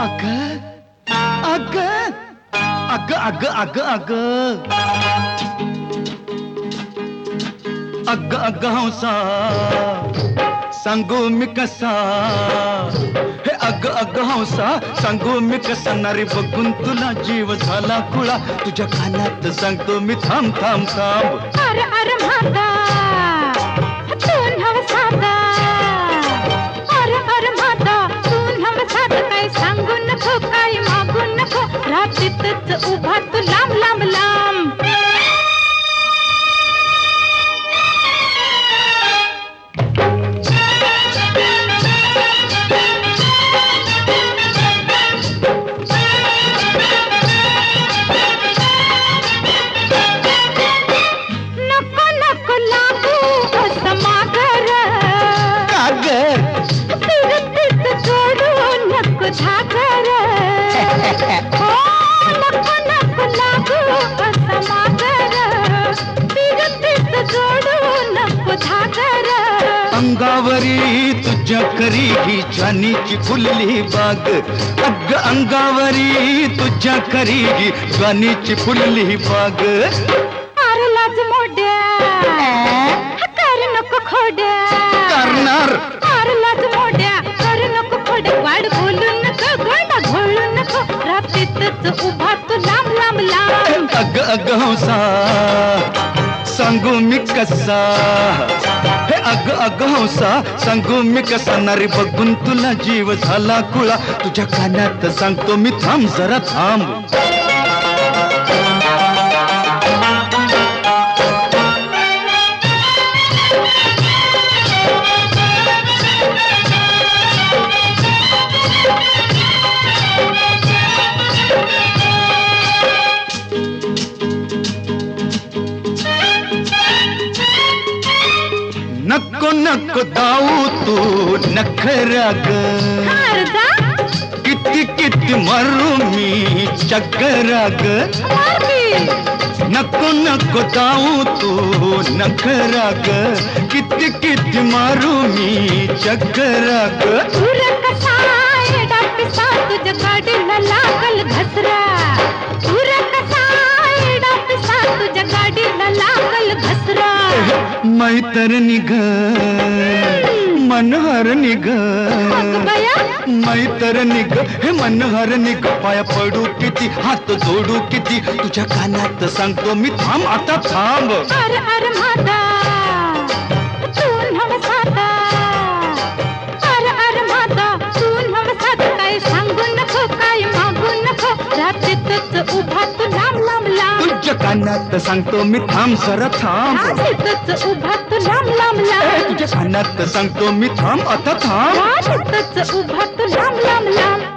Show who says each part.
Speaker 1: अग अग अग अग अग अग अग हंसा सांगू मी कसा हे अग अग हंसा सांगू मी कसा नारे बघून तुला जीव झाला कुळा तुझ्या खानात सांगतो मी थांब थांब थांब अरे अरे उभा तिथंच उभा तू लांब लांब लांब Yeah. पूजा करी ही जानीची फुलली बाग अग अंगावरी तुझ्या करी ही जानीची फुलली बाग मारलाच मोड्या कर नको खोड्या करणार मारलाच मोड्या कर नको खोड्या वाढ बोलू नको गोंडा घोळू नको रात्रीतच उभा तू लांब लांब लांब अग अग हंसा ಸಂಗೂಮಿ ಕಸ हे अग अग हंसा सांगू मी कसा नारे बघून तुला जीव झाला कुळा तुझ्या कानात सांगतो मी थांब जरा थांब नक्को नक्को दाऊ तू नखरग कित कित मरुमी चकरग नक्को नक्को दाऊ तू नखरग कित कित मरुमी चकरग तुझ काढला लागल मैतर निघ मनहर निघ मैतर निघ हे मनहर निघ पाया पडू किती हात जोडू किती तुझ्या कानात सांगतो मी थांब आता थांब तुझ्या कानात सांगतो मी थांब सर थांब तुझ्या कानात सांगतो मी थांब आता थांब उभा तू लांब लांब